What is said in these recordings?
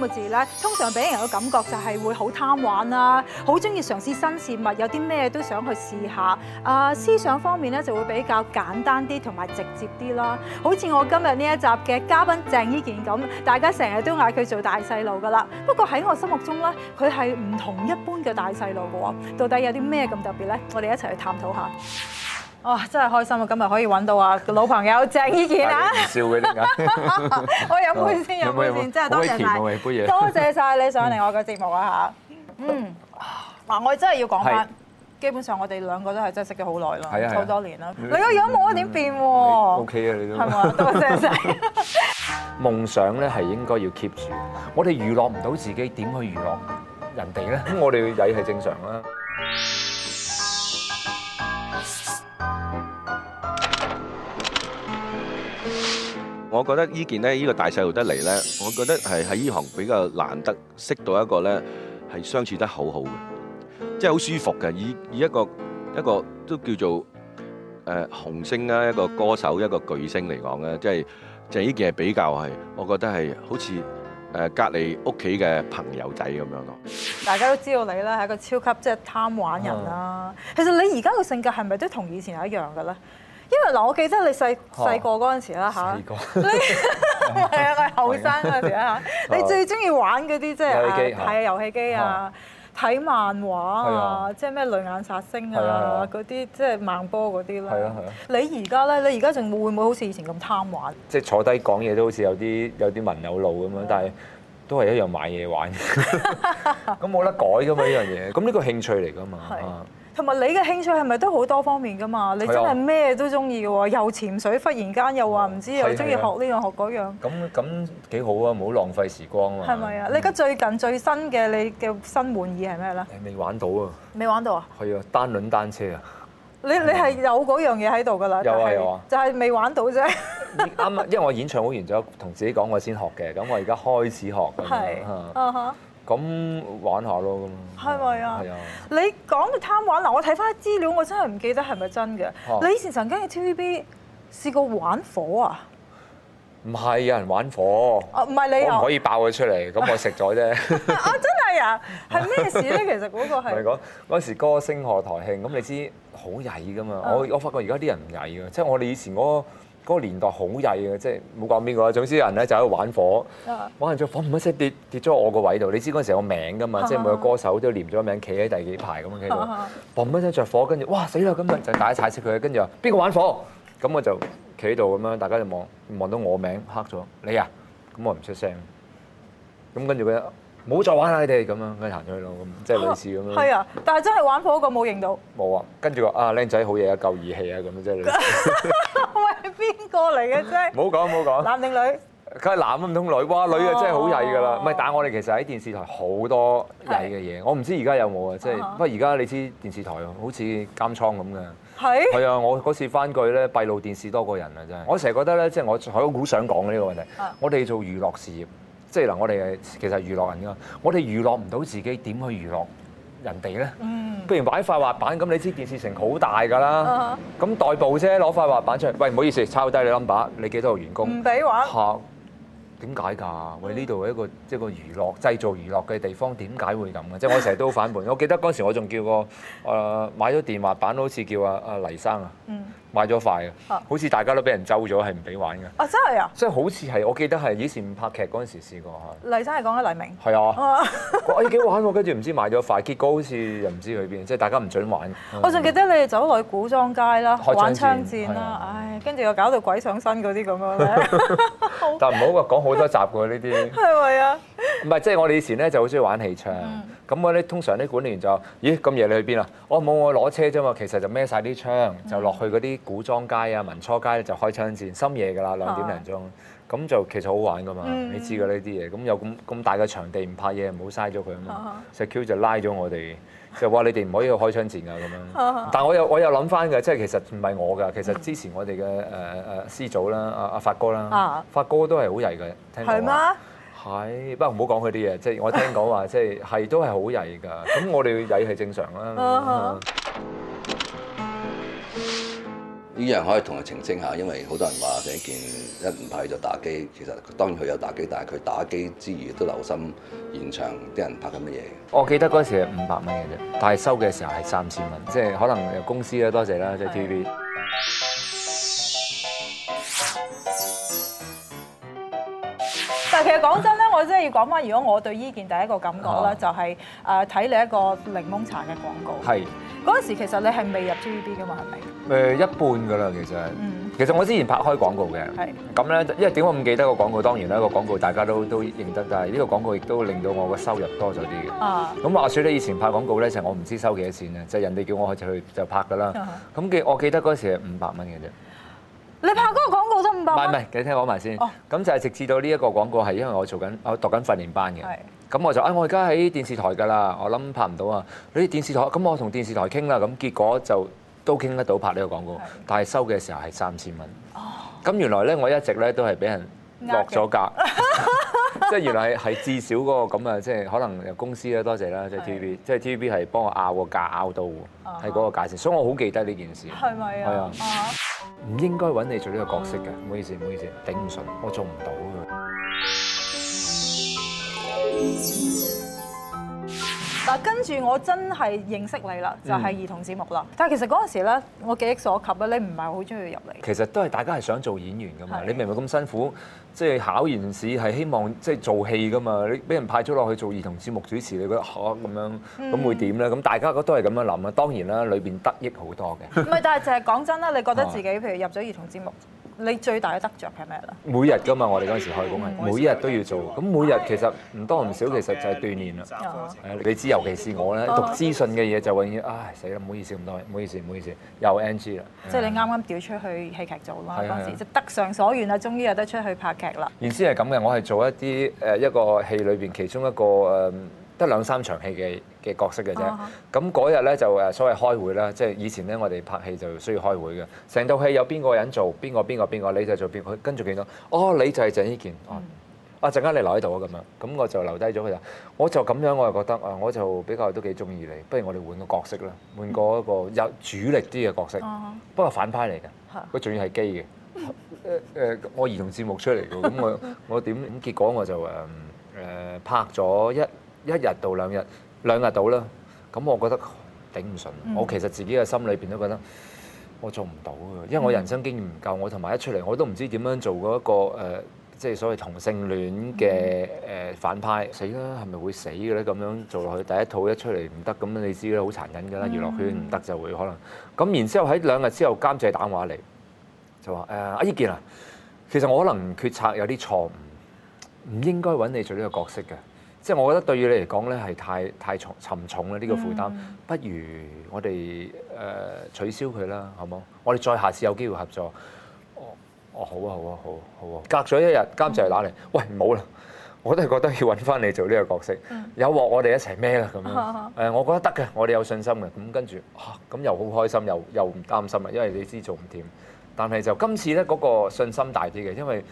個字咧，通常畀人嘅感覺就係會好貪玩啦，好鍾意嘗試新事物，有啲咩都想去試下。啊，思想方面咧就會比較簡單啲同埋直接啲啦。好似我今日呢一集嘅嘉賓鄭伊健咁，大家成日都嗌佢做大細路㗎喇。不過喺我心目中咧，佢係唔同一般嘅大細路嘅喎。到底有啲咩咁特別咧？我哋一齊去探討下。哇、哦！真係開心啊，今日可以揾到啊老朋友鄭伊健啊！笑佢哋㗎！我飲好杯先，飲杯先，真 係多謝曬，多謝晒你上嚟我嘅節目啊吓！嗯，嗱、啊、我真係要講翻，是基本上我哋兩個都係真係識咗好耐啦，好、啊啊、多年啦。你個樣冇點變喎？OK 啊，你都係嘛？多謝晒！夢想咧係應該要 keep 住，我哋娛樂唔到自己，點去娛樂人哋咧？咁我哋要曳係正常啦。我覺得件呢件咧，呢、呢個大細路得嚟咧，我覺得係喺呢行比較難得識到一個咧，係相處得好好嘅，即係好舒服嘅。以以一個一個都叫做誒、呃、紅星啦，一個歌手，一個巨星嚟講咧，即係就係呢件係比較係，我覺得係好似誒隔離屋企嘅朋友仔咁樣咯。大家都知道你咧係一個超級即係、即係、貪玩人啦、啊。哦、其實你而家個性格係咪都同以前係一樣嘅咧？因為嗱，我記得你細細個嗰陣時啦嚇，你係啊，我係後生嗰陣時啊嚇，你最中意玩嗰啲即係，係啊遊戲機啊，睇漫畫啊，即係咩淚眼殺星啊嗰啲，即係漫波嗰啲啦。你而家咧，你而家仲會唔會好似以前咁貪玩？即係坐低講嘢都好似有啲有啲文有路咁樣，但係都係一樣買嘢玩。咁冇得改㗎嘛呢樣嘢，咁呢個興趣嚟㗎嘛。同埋你嘅興趣係咪都好多方面噶嘛？你真係咩都中意嘅喎，又潛水，忽然間又話唔知又中意學呢樣學嗰樣。咁咁幾好啊！唔好浪費時光啊。係咪啊？你而家最近最新嘅你嘅新玩意係咩咧？未、嗯、玩到啊！未玩到啊？係啊、嗯，單輪單車啊！你你係有嗰樣嘢喺度噶啦？又係，有啊有啊，就係未玩到啫。啱啊，因為我演唱會完咗，同自己講我先學嘅，咁我而家開始學。係咁玩下咯，咁咯。係咪啊？係啊！你講嘅貪玩嗱，我睇翻啲資料，我真係唔記得係咪真嘅。你以前曾經喺 TVB 試過玩火啊？唔係，有人玩火。哦，唔係你啊。我唔可以爆佢出嚟，咁我食咗啫。啊，真係啊！係咩事咧？其實嗰個係。我講嗰時歌星賀台慶，咁你知好曳噶嘛？我我發覺而家啲人唔曳㗎，即係我哋以前我。嗰個年代好曳嘅，即係冇講邊個啦，總之有人咧就喺度玩火，玩完着火，嘣一聲跌跌咗我個位度。你知嗰陣時有個名㗎嘛？Uh huh. 即係每個歌手都連咗個名，企喺第幾排咁樣企喺度，嘣一聲着火，跟住哇死啦！咁就就大家踩熄佢，跟住話邊個玩火？咁我就企喺度咁樣，大家就望望到我名黑咗。你啊，咁我唔出聲。咁跟住佢。唔好再玩啦！你哋咁樣跟住行咗去咯，咁即係類似咁樣。係啊，但係真係玩火一個冇認到。冇啊，跟住話啊靚仔好嘢啊，夠義氣啊，咁樣即係女士。喂，邊個嚟嘅啫？唔好講，唔好講。男定女？佢係男唔通女？哇，女啊真係好曳噶啦！唔係，但係我哋其實喺電視台好多曳嘅嘢，我唔知而家有冇啊，即係不過而家你知電視台好似監倉咁嘅。係。係啊，我嗰次翻去咧，閉路電視多過人啊！真係。我成日覺得咧，即係我，好想講呢個問題。我哋做娛樂事業。即係嗱，我哋其實娛樂人㗎，我哋娛樂唔到自己，點去娛樂人哋咧？不、嗯、如買塊滑板，咁你知電視城好大㗎啦。咁、啊、哈代步啫，攞塊滑板出嚟。喂，唔好意思，抄低你 number，你幾多個員工？唔俾玩。嚇？點解㗎？喂，呢度一個即係、就是、個娛樂、製造娛樂嘅地方，點解會咁嘅？即係我成日都反叛。 我記得嗰時我仲叫過誒、啊、買咗電滑板，版好似叫阿、啊、阿、啊、黎生啊。嗯買咗塊嘅，啊、好似大家都俾人揪咗，係唔俾玩㗎。啊，真係啊！即係好似係，我記得係以前拍劇嗰陣時試過。黎生係講緊黎明。係啊。啊，我幾玩喎，跟住唔知買咗塊，結果好似又唔知去邊，即係大家唔准玩。啊、我仲記得你哋走落去古裝街啦，槍、玩槍戰啦，唉、啊，跟住、哎、又搞到鬼上身嗰啲咁樣。 好但唔好話講好多集過，呢啲。係咪啊？唔係，即係我哋以前咧就好中意玩氣槍。咁我咧通常啲管理員就：咦，咁夜你去邊啊？我冇，我攞車啫嘛。其實就孭晒啲槍，就落去嗰啲古裝街啊、民初街咧，就開槍戰。深夜㗎啦，兩點零鐘。咁就其實好玩㗎嘛。你知㗎呢啲嘢。咁有咁咁大嘅場地，唔拍嘢唔好嘥咗佢啊嘛。Security 就拉咗我哋，就話你哋唔可以去開槍戰㗎咁樣。但我有我有諗翻㗎，即係其實唔係我㗎。其實之前我哋嘅誒誒師祖啦，阿阿發哥啦，發哥都係好曳㗎。係嗎？係，哎，不過唔好講佢啲嘢，即係我聽講話，即係係 都係好曳㗎。咁我哋曳係正常啦。呢、 啊、樣可以同佢澄清下，因為好多人話第一件一唔拍就打機，其實當然佢有打機，但係佢打機之餘都留心現場啲人拍緊乜嘢。我記得嗰時係五百蚊嘅啫，但係收嘅時候係三千蚊，即係可能公司咧多謝啦，即係 TV 即真係要講翻，如果我對呢件第一個感覺咧，哦、就係誒睇你一個檸檬茶嘅廣告。係嗰陣時其實你係未入 TVB 嘅嘛，係咪？誒、呃、一半嘅啦，其實。嗯、其實我之前拍開廣告嘅。係。咁咧，因為點解唔記得個廣告？當然啦，個廣告大家都都認得，但係呢個廣告亦都令到我嘅收入多咗啲嘅。啊。咁話説咧，以前拍廣告咧，就係、我唔知收幾多錢啊！就係、人哋叫我去就拍嘅啦。咁記、嗯、我記得嗰時係五百蚊嘅啫。你拍嗰個廣告得五百萬？唔係唔係，你聽我講埋先。咁就係直至到呢一個廣告係因為我做緊我讀緊訓練班嘅。咁我就啊，我而家喺電視台㗎啦，我諗拍唔到啊。你電視台咁我同電視台傾啦，咁結果就都傾得到拍呢個廣告，但係收嘅時候係三千蚊。哦。咁原來咧我一直咧都係俾人落咗價，即係原來係至少嗰個咁啊，即係可能由公司咧多謝啦，即係 TVB，即係 TVB 係幫我拗個價拗到喎，係嗰個價錢，所以我好記得呢件事。係咪啊？係啊。唔應該揾你做呢個角色嘅，唔好意思，唔好意思，頂唔順，我做唔到。跟住我真係認識你啦，就係、是、兒童節目啦。嗯、但係其實嗰陣時咧，我記憶所及咧，你唔係好中意入嚟。其實都係大家係想做演員噶嘛，你明唔明咁辛苦，即係考完試係希望即係做戲噶嘛。你俾人派咗落去做兒童節目主持，你覺得好，咁、啊、樣，咁、嗯、會點咧？咁大家都都係咁樣諗啊。當然啦，裏邊得益好多嘅。唔係，但係就係講真啦，你覺得自己、啊、譬如入咗兒童節目。你最大嘅得着係咩咧？每日㗎嘛，我哋嗰陣時開工係每日都要做，咁每日其實唔多唔少，其實就係鍛鍊啦。你知，尤其是我咧讀資訊嘅嘢，就永遠唉死啦！唔好意思，唔多，唔好意思，唔好意思，又 NG 啦。即係你啱啱調出去戲劇做㗎嘛？嗰時即係得償所願啦，終於有得出去拍劇啦。原先係咁嘅，我係做一啲誒一個戲裏邊其中一個誒。得兩三場戲嘅嘅角色嘅啫，咁嗰日咧就誒所謂開會啦，即係以前咧我哋拍戲就需要開會嘅，成套戲有邊個人做邊個邊個邊個，你就做邊個跟住見到，哦你就係鄭伊健，哦嗯、啊陣間你留喺度啊咁樣。咁我就留低咗佢啦，我就咁樣我就覺得啊，我就比較都幾中意你，不如我哋換個角色啦，換個一個有主力啲嘅角色，uh huh. 不過反派嚟嘅，佢仲、uh huh. 要係機嘅，誒、呃、誒、呃呃呃呃、我兒童節目出嚟嘅，咁、嗯、 我我點？結果我就誒誒、呃呃、拍咗一。一一日到兩日，兩日到啦。咁我覺得頂唔順。嗯、我其實自己嘅心裏邊都覺得我做唔到嘅，因為我人生經驗唔夠。我同埋一出嚟，我都唔知點樣做嗰、那、一個誒、呃，即係所謂同性戀嘅誒、呃、反派。死啦，係咪會死嘅咧？咁樣做落去第一套一出嚟唔得，咁你知啦，好殘忍㗎啦。娛樂圈唔得就會可能咁。嗯、然之後喺兩日之後監製打電話嚟，就話誒阿伊健啊，其實我可能決策有啲錯誤，唔應該揾你做呢個角色嘅。即係我覺得對於你嚟講咧係太太沉沉重啦，呢、這個負擔、mm. 不如我哋誒、呃、取消佢啦，好冇？我哋再下次有機會合作，哦哦好啊好啊好好啊！隔咗一日監製嚟打嚟，mm. 喂唔好啦，我都係覺得要揾翻你做呢個角色，mm. 有鑊我哋一齊孭啦，咁樣誒、 呃？我覺得得嘅，我哋有信心嘅。咁、嗯、跟住咁、啊、又好開心，又又唔擔心啦，因為你知做唔掂。但係就今次咧嗰、那個信心大啲嘅，因為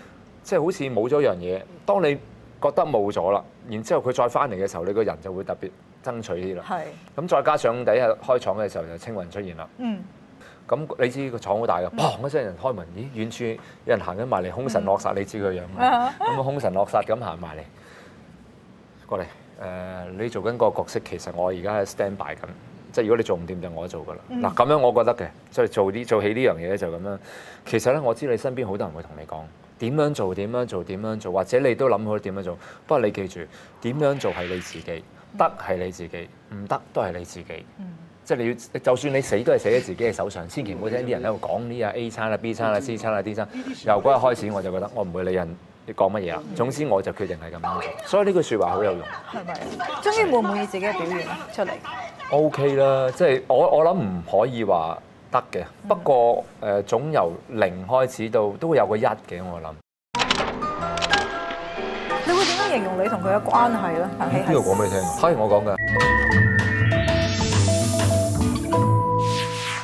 即係、就是、好似冇咗樣嘢，當你。當你當你覺得冇咗啦，然之後佢再翻嚟嘅時候，你個人就會特別爭取啲啦。咁是再加上第一日開廠嘅時候就青雲出現啦。咁、嗯、你知個廠好大㗎嘭一聲人開門，咦遠處有人行緊埋嚟，兇神落煞、嗯、你知佢樣嘛？咁啊 兇神落煞咁行埋嚟，過嚟誒、呃、你做緊個角色，其實我而家係 stand by 緊，即係如果你做唔掂就我做㗎啦。嗱咁、嗯、樣我覺得嘅，即係做啲做戲呢樣嘢就咁樣。其實咧我知你身邊好多人會同你講。點樣做？點樣做？點樣做？或者你都諗好點樣做？不過你記住，點樣做係你自己，得係你自己，唔得都係你自己。即係你要，就算你死都係死喺自己嘅手上，千祈唔好聽啲人喺度講呢啊 A 餐啊 B 餐啊 C 餐啊 D 餐。由嗰日開始我就覺得我唔會理人你講乜嘢啦。總之我就決定係咁樣做。所以呢句説話好有用。係咪？終於滿唔滿意自己嘅表現出嚟？OK 啦，即係我我諗唔可以話。得嘅，不過誒總由零開始到都會有個一嘅，我諗。你會點樣形容你同佢嘅關係咧？呢個講俾你聽，係我講嘅。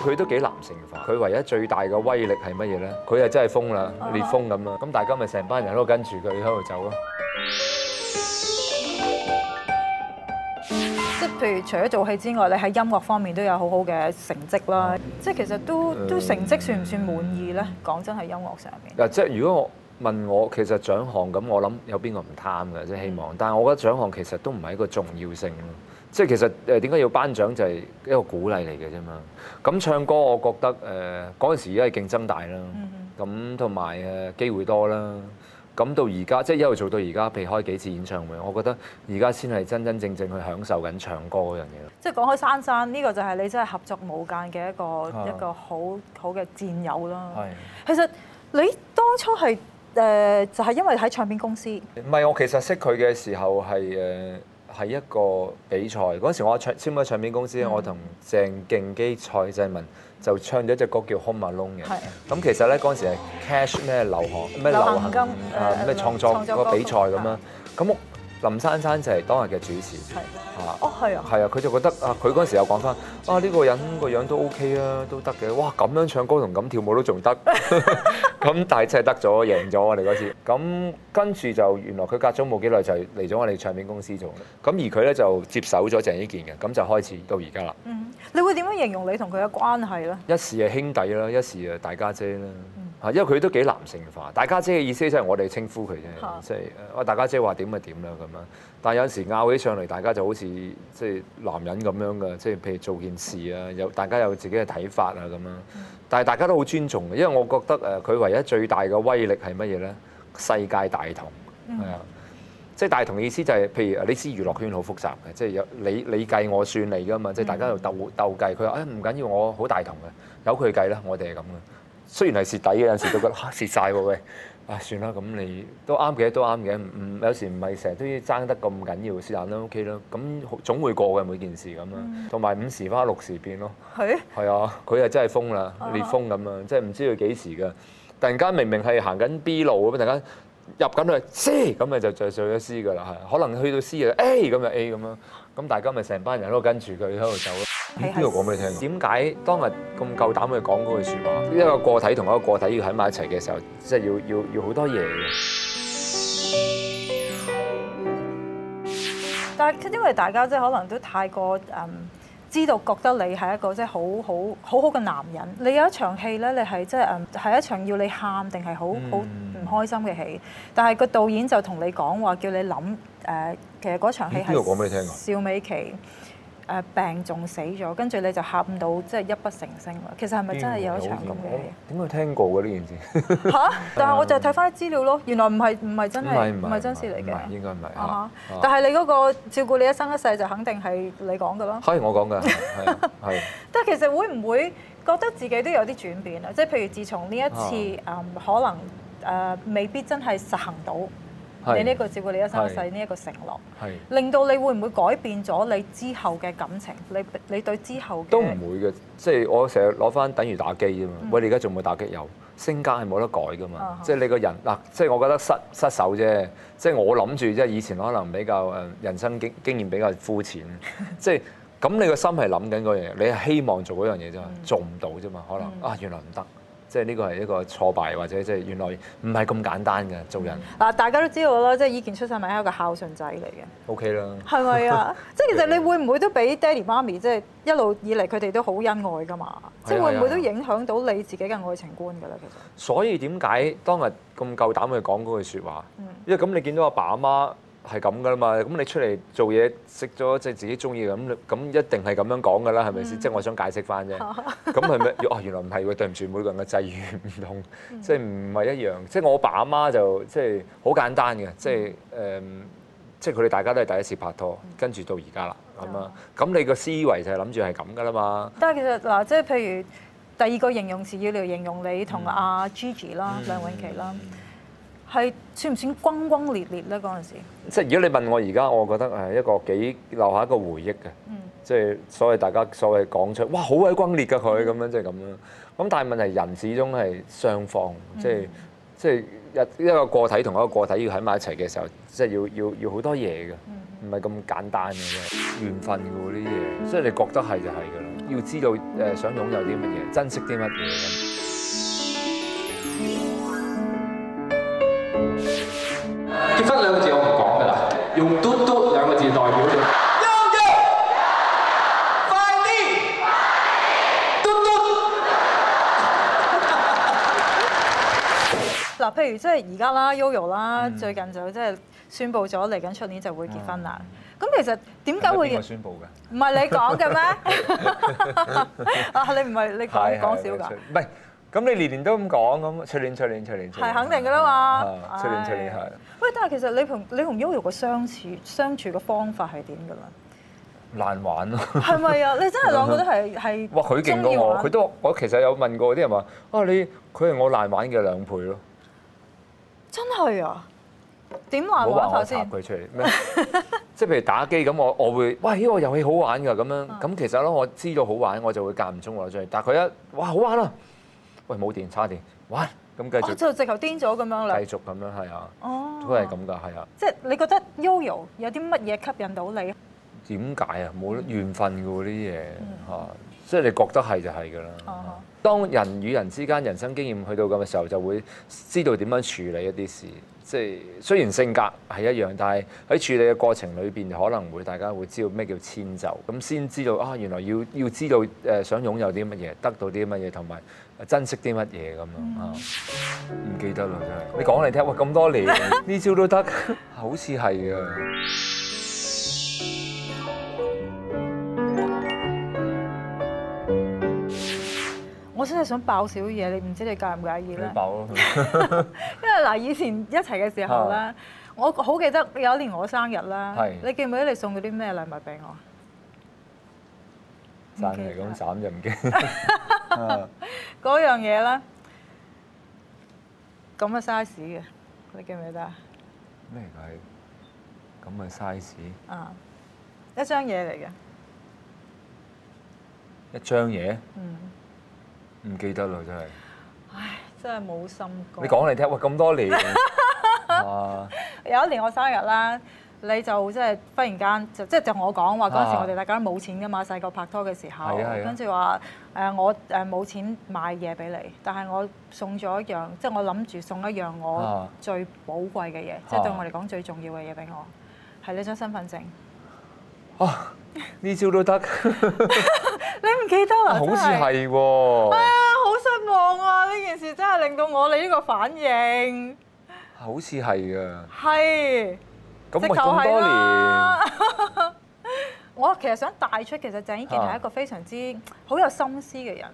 佢都幾男性化，佢唯一最大嘅威力係乜嘢咧？佢係真係瘋啦，烈風咁啦，咁大家咪成班人都跟住佢喺度走咯。除除咗做戲之外，你喺音樂方面都有好好嘅成績啦。即係其實都都成績算唔算滿意呢？講真係音樂上面。嗱，即係如果我問我其實獎項咁，我諗有邊個唔貪㗎？即係希望。但係我覺得獎項其實都唔係一個重要性咯。即係其實誒點解要頒獎就係一個鼓勵嚟嘅啫嘛。咁唱歌我覺得誒嗰陣時已經係競爭大啦，咁同埋誒機會多啦。咁到而家，即係一路做到而家，避開幾次演唱會，我覺得而家先係真真正正去享受緊唱歌嗰樣嘢。即係講開珊珊，呢、這個就係你真係合作無間嘅一個、啊、一個好好嘅戰友啦。係的，其實你當初係誒、呃，就係、是、因為喺唱片公司。唔係，我其實識佢嘅時候係誒。呃係一個比賽，嗰時我唱簽咗唱片公司，嗯、我同鄭敬基、蔡濟文就唱咗一隻歌叫《Home Alone》嘅。係的。咁其實咧嗰陣時係 cash 咩流行咩流行金咩行、啊、創作個比賽咁啦。咁的林珊珊就係當日嘅主持。係的。嚇！哦、oh，係啊。係啊，佢就覺得的啊，佢嗰陣時又講翻啊，呢個人個樣都 OK 啊，都得嘅。哇，咁樣唱歌同咁跳舞都仲得。 咁 大隻得咗，贏咗我哋嗰次。咁跟住就原來佢隔咗冇幾耐就嚟咗我哋唱片公司做，咁而佢咧就接手咗鄭伊健嘅，咁就開始到而家啦。嗯，你會點樣形容你同佢嘅關係咧？一時係兄弟啦，一時係大家姐啦。嗯因為佢都幾男性化，大家姐嘅意思即係我哋稱呼佢啫，啊、即係大家姐話點就點啦咁樣。但係有時拗起上嚟，大家就好似即係男人咁樣噶，即係譬如做件事啊，有大家有自己嘅睇法啊咁樣。但係大家都好尊重嘅，因為我覺得誒，佢唯一最大嘅威力係乜嘢呢？世界大同係、嗯、啊，即係大同嘅意思就係、是、譬如你知娛樂圈好複雜嘅，即係有你你計我算你噶嘛，即係大家又鬥、嗯、鬥計。佢話誒唔緊要，我好大同嘅，由佢計啦，我哋係咁嘅。雖然係蝕底嘅，有時都覺得蝕晒喎喂！啊算啦，咁你都啱嘅，都啱嘅。唔，有時唔係成日都要爭得咁緊要，是但都 O K 啦。咁、okay、總會過嘅每件事咁啦。同埋五時花六時變咯。係是。係啊，佢係真係瘋啦，烈風咁啊，即係唔知佢幾時㗎。突然間明明係行緊 B 路咁，突然間入緊去 C，咁咪就著上咗 C 㗎啦。係，可能去到 C 啊 A，咁就 A 咁樣。咁大家咪成班人咯跟住佢喺度走。邊度講俾你聽？點解當日咁夠膽去講嗰句説話？一個個體同一個個體要喺埋一齊嘅時候，即係要要要好多嘢嘅。但係因為大家即係可能都太過誒、嗯，知道覺得你係一個即係好好好好嘅男人。你有一場戲咧，你係即係誒係一場要你喊定係好好唔開心嘅戲。但係個導演就同你講話，叫你諗誒、呃，其實嗰場戲係邊度講俾你聽？啊，邵美琪。誒病重死咗，跟住你就喊到即係泣不成聲。其實係咪真係有一場咁嘅嘢？點會聽過嘅呢件事？嚇 啊！但係我就睇翻啲資料咯，原來唔係唔係真係唔係真事嚟嘅。應該唔係、嗯、但係你嗰個照顧你一生一世就肯定係你講嘅啦。係我講嘅。係。 但係其實會唔會覺得自己都有啲轉變啊？即係譬如自從呢一次誒、嗯嗯，可能誒、呃、未必真係實行到。你呢、這個照顧你一生一世呢一個承諾，是令到你會唔會改變咗你之後嘅感情？你你對之後都唔會嘅，即、就、係、是、我成日攞翻等於打機啫嘛。喂，你而家仲冇打機，嗯、性格係冇得改㗎嘛。即係、啊、你個人嗱，即、啊、係、啊、我覺得失失手啫。即、就、係、是、我諗住即係以前可能比較誒人生經經驗比較膚淺，即係咁你個心係諗緊個嘢，你係希望做嗰樣嘢啫，嗯、做唔到啫嘛。可能啊，原來唔得。啊。即係呢個係一個挫敗，或者即係原來唔係咁簡單嘅做人。嗱、嗯，大家都知道啦，即係以前出世咪係一個孝順仔嚟嘅。O K 啦，係咪啊？ 即係其實你會唔會都俾爹哋媽咪即係一路以嚟佢哋都好恩愛㗎嘛？即係、啊啊、會唔會都影響到你自己嘅愛情觀㗎咧？其實。所以點解當日咁夠膽，膽去講嗰句説話？嗯、因為咁你見到阿爸阿媽。係咁噶啦嘛，咁你出嚟做嘢識咗即係自己中意嘅，咁咁一定係咁樣講噶啦，係咪先？嗯、即係我想解釋翻啫。咁係咪？哦，原來唔係喎，對唔住，每個人嘅際遇唔同，嗯、即係唔係一樣。即係我阿爸阿媽就即係好簡單嘅，即係誒、呃，即係佢哋大家都係第一次拍拖，跟住到而家啦咁啊。咁、嗯嗯、你個思維就係諗住係咁噶啦嘛。但係其實嗱，即係譬如第二個形容詞要嚟形容你同阿 Gigi、嗯、啦，梁詠琪啦。係算唔算轟轟烈烈咧？嗰陣時，即係如果你問我而家，我覺得係一個幾留下一個回憶嘅，嗯、即係所謂大家所謂講出，哇好鬼轟烈㗎佢咁樣，即係咁樣。咁但係問題人始終係雙方，嗯、即係即係一一個個體同一個個體要喺埋一齊嘅時候，即係要要要好多嘢嘅，唔係咁簡單嘅。緣、嗯、分嘅嗰啲嘢，嗯、所以你覺得係就係㗎啦。要知道誒、呃、想擁有啲乜嘢，珍惜啲乜嘢。嗯結婚兩個字我唔講㗎啦，用嘟嘟兩個字代表、咗。YoYo，又快啲！快點嘟嘟。嗱， 譬如即係而家啦 YoYo 啦，最近就即係宣布咗嚟緊，出年就會結婚啦。咁、嗯、其實點解會？佢宣布㗎。唔係你講嘅咩？啊， 你唔係你講少㗎。是是咁你年年都咁講咁，出年出年出年出年，係肯定噶啦嘛，出年出年係。喂，但係其實你同你同優玉個相處相處嘅方法係點噶嘛？難玩咯。係咪啊？你真係兩個都係係。哇！ 佢勁過我，佢、啊、都我其實有問過啲人話：哦、啊，你佢係我難玩嘅兩倍咯。真係啊？點玩、啊？咧？先拆佢出嚟咩？即係譬如打機咁，我會我會喂，呢個遊戲好玩㗎咁樣。咁、嗯、其實咧，我知道好玩，我就會間唔中話出去，但係佢一哇好玩啊！冇電，差電，嘩，咁繼續。哦、就直頭癲咗咁樣啦。繼續咁樣係啊，哦、都係咁噶，係啊。即係你覺得 Yoyo 有啲乜嘢吸引到你？點解啊？冇緣分嘅喎，啲嘢嚇，即係你覺得係就係㗎啦。嗯啊、當人與人之間人生經驗去到咁嘅時候，就會知道點樣處理一啲事。即係雖然性格係一樣，但係喺處理嘅過程裏邊，可能會大家會知道咩叫遷就，咁先知道啊，原來要要知道誒、呃、想擁有啲乜嘢，得到啲乜嘢，同埋珍惜啲乜嘢咁樣啊！唔記得啦，真係你講嚟聽，喂咁多年呢招 都得，好似係啊！我真係想爆少嘢，你唔知你介唔介意咧？你爆咯，因為嗱，以前一齊嘅時候咧，我好記得有一年我生日啦，你記唔記得你送咗啲咩禮物俾我？攢嚟咁斬就唔驚，嗰樣嘢啦，咁嘅 size 嘅，你記唔記得啊？咩鬼？咁嘅 size？啊，一張嘢嚟嘅，一張嘢。嗯。唔記得啦，真係。唉，真係冇心講。你講嚟聽，喂，咁多年。 哇有一年我生日啦，你就即係忽然間就即係就同我講話，嗰陣時，我哋大家都冇錢噶嘛，細個拍拖嘅時候，是的是的跟住話誒我誒冇錢買嘢俾你，但係我送咗一樣，即係我諗住送一樣我最寶貴嘅嘢，啊、即係對我嚟講最重要嘅嘢俾我，係呢張身份證。呢、啊、招都得。 你唔記得啦？好似係喎。哎呀！好失望啊！呢件事真係令到我你呢個反應。好似係啊是。係。咁咪咁多年。 我其實想帶出其實鄭伊健係一個非常之好有心思嘅人。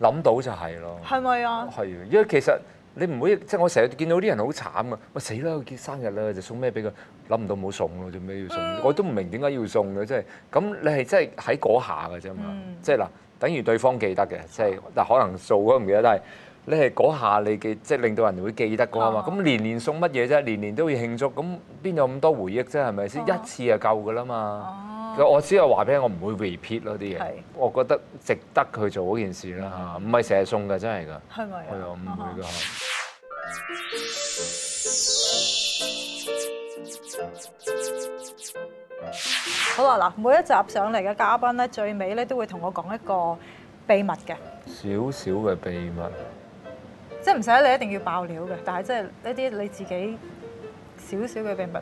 諗是、啊、到就係咯。係咪啊？係，因為其實。你唔會即係我成日見到啲人好慘啊。喂死啦！結生日啦，就送咩俾佢？諗唔到冇送咯，做咩要送？嗯、我都唔明點解要送嘅，真係。咁你係真係喺嗰下㗎啫嘛，即係嗱、嗯，等於對方記得嘅，即係嗱，可能做咗唔記得，但係你係嗰下你記，即係令到人哋會記得㗎啊嘛。咁年年送乜嘢啫？年年都要慶祝，咁邊有咁多回憶啫？係咪先一次就夠㗎啦嘛？啊啊我只係話俾你，我唔會 repeat 咯啲嘢，我覺得值得去做嗰件事啦嚇，唔係成日送嘅真係噶，係咪啊？係啊呵，唔會噶。欸嗯、好啦，嗱，每一集上嚟嘅嘉賓咧，最尾咧都會同我講一個秘密嘅，少少嘅秘密，即係唔使你一定要爆料嘅，但係即係一啲你自己少少嘅秘密。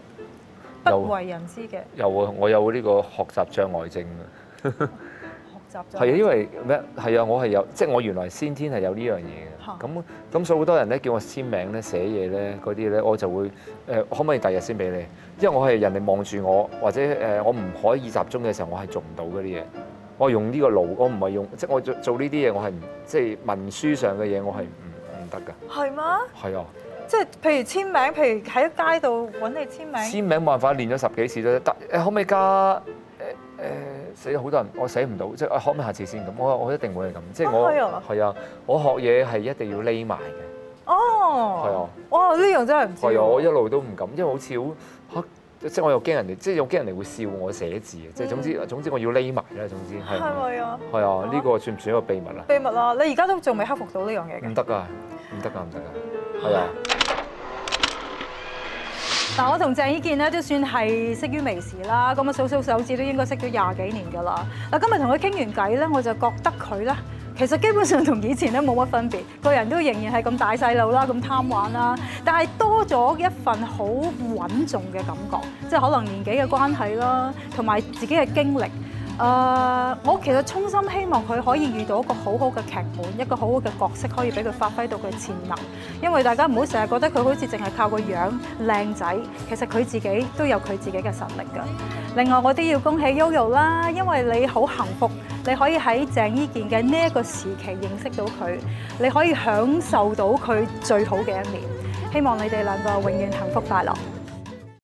有不為人知嘅有啊，我有呢個學習障礙症啊。 學習係因為咩？係啊，我係有，即係我原來先天係有呢樣嘢嘅。咁咁所以好多人咧叫我簽名咧、寫嘢咧嗰啲咧，我就會誒、呃，可唔可以第日先俾你？因為我係人哋望住我，或者誒、呃、我唔可以集中嘅時候，我係做唔到嗰啲嘢。我用呢個腦，我唔係用，即係我做做呢啲嘢，我係唔、即係文書上嘅嘢，我係唔得㗎。係嗎？係啊。即係譬如簽名，譬如喺街度揾你簽名。簽名冇辦法練咗十幾次啫。得誒，可唔可以加誒誒寫咗好多人？我寫唔到，即係可唔可以下次先咁？我我一定會係咁。即係我係啊，啊，啊！我學嘢係一定要匿埋嘅。哦。係啊。哇！呢樣真係唔知。係啊！我一路都唔敢，因為好似好、啊、即係我又驚人哋，即係又驚人哋會笑我寫字。即係總之總之，嗯、總之我要匿埋啦。總之係。係啊。係啊，呢、啊這個算唔算一個秘密啊？秘密啊，你而家都仲未克服到呢樣嘢。唔得㗎！唔得㗎！唔得㗎！係啊。嗱，我同鄭伊健咧都算係識於微時啦，咁啊數數手指都應該識咗廿幾年㗎喇。嗱，今日同佢傾完偈咧，我就覺得佢咧其實基本上同以前咧冇乜分別，個人都仍然係咁大細路啦，咁貪玩啦，但係多咗一份好穩重嘅感覺，即係可能年紀嘅關係啦，同埋自己嘅經歷。誒，uh，我其實衷心希望佢可以遇到一個好好嘅劇本，一個好好嘅角色，可以俾佢發揮到佢潛能。因為大家唔好成日覺得佢好似淨係靠個樣靚仔，其實佢自己都有佢自己嘅實力㗎。另外，我都要恭喜 Yoyo 啦，因為你好幸福，你可以喺鄭伊健嘅呢一個時期認識到佢，你可以享受到佢最好嘅一面。希望你哋兩個永遠幸福快樂。